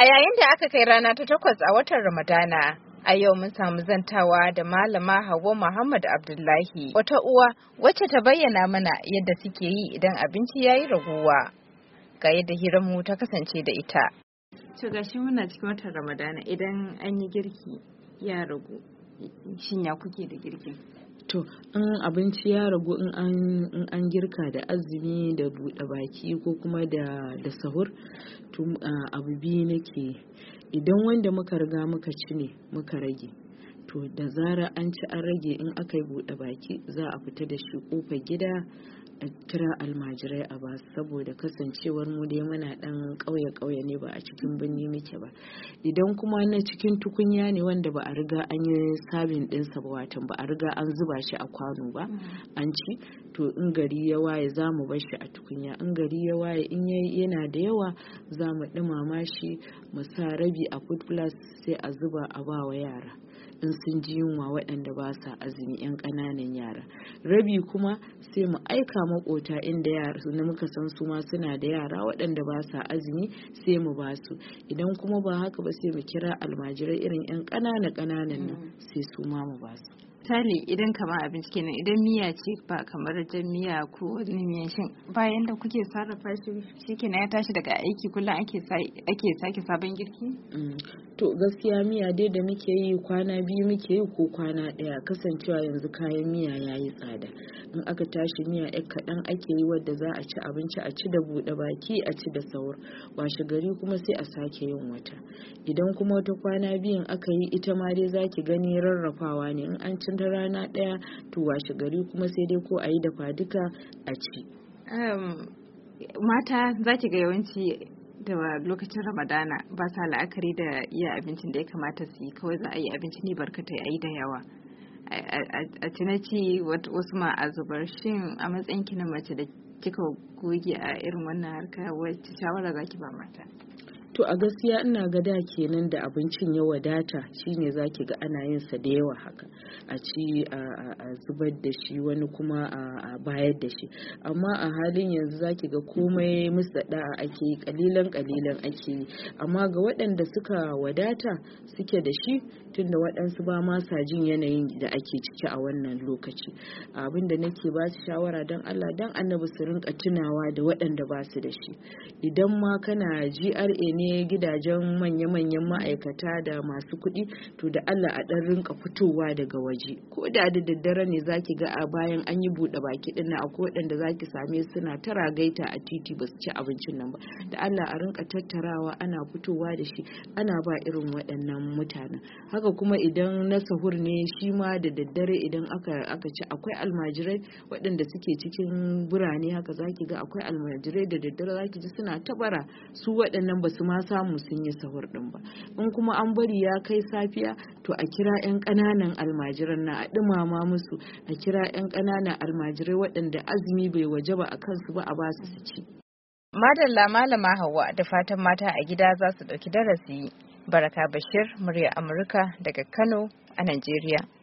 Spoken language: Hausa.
A yayin da aka kai rana ta takwas a watan Ramadana, a yau mun samu zantawa da malama Hauwa Muhammad Abdullahi, wata uwa wacce ta bayyana mana yadda suke yi idan abinci ya yi raguwa. Ga yadda hiranmu ta kasance da ita. To gashi muna cikin watan Ramadana idan an yi girki ya ragu. Shin ya kuke da girki? to in abinci ya ragu in an girka da azumi da buɗe baki ko kuma da sahur to abu biyu nake idan wanda muka riga muka ci ne muka rage to da zara an ci an rage in aka yi buɗe baki za a fita da shi kofar gida a kira almajirai a ba saboda kasancewar mu dai muna dan ƙauye kauye ne ba a cikin birni muke ba idan kuma na cikin tukunya ne wanda ba a riga an yi sabin ɗinsa ba watan ba a riga an zuba shi a kwano ba mm-hmm. an ci to in gari ya waye za mu bar shi a tukunya in gari ya waye in yana da yawa za mu ɗumama shi mu sa rabi a food plus sai a zuba a ba wa yara in sun ji yunwa waɗanda ba sa azumi 'yan ƙananan yara rabi kuma sai mu aika makota inda yara na muka san su ma suna da yara waɗanda ba sa azumi sai mu ba su idan kuma ba haka ba sai mu kira almajirai irin 'yan ƙanana ƙananan nan mm. sai su ma mu ba su Tali idan kama abinci kenan idan miya ce ba kamar jan miya ko wani miyan shin bayan da kuke sarrafa shi ya tashi daga aiki kullum ake sake sabon girki mm. To gaskiya miya dai da muke yi kwana biyu muke yi ko kwana ɗaya kasancewa yanzu kayan miya ya yi tsada. In aka tashi miya yar kaɗan ake yi wadda za a ci abinci a ci da buɗe baki a ci da saur Washe gari kuma sai a sake yin wata. Idan kuma wata kwana biyun aka yi ita ma dai za ki gani rarrafawa ne in an ci da rana ɗaya to washe gari kuma sai dai ko a yi dafa duka a ci. mata za ki ga yawanci da lokacin ramadana ba sa la'akari da iya abincin da ya kamata su yi kawai za a yi abinci ne barkatai a yi da yawa a ci wasu ma a zubar shin a matsayin ki mace da kika goge a irin wannan harka wacce shawara zaki ba mata to a gaskiya ina ga da kenan da abincin ya wadata shine zaki ga ana yin sa da yawa haka a ci a zubar da shi wani kuma a bayar da shi amma a halin yanzu zaki ga komai musada ake kalilan kalilan ake yi amma ga waɗanda suka wadata suke da shi tunda waɗansu ba ma sa jin yanayin da ake ciki a wannan lokaci abin da nake ba su shawara don Allah don annabi su rinka tunawa da waɗanda ba su da shi idan ma kana GRA ne gidajen manya-manyan ma'aikata da masu kuɗi to da allah a ɗan rinka fitowa daga waje ko da da daddare ne zaki ga a bayan an yi buɗe baki ɗin a ko waɗanda zaki same suna tara gaita a titi ba su ci abincin nan ba da allah a rinka tattarawa ana fitowa da shi ana ba irin waɗannan mutanen haka kuma idan na sahur ne shi ma da daddare idan aka aka ci akwai almajirai waɗanda suke cikin birane haka zaki ga akwai almajirai da daddare zaki ji suna tabara su waɗannan ba su ma samu sun yi sahur din ba in kuma an bari ya kai safiya to a kira 'yan ƙananan almajiran na a ɗumama musu a kira 'yan ƙananan almajirai waɗanda azumi bai waje ba a kansu ba a ba su su ci. Madalla malama Hauwa da fatan mata a gida za su ɗauki darasi. Baraka Bashir, murya Amurka daga Kano a Najeriya.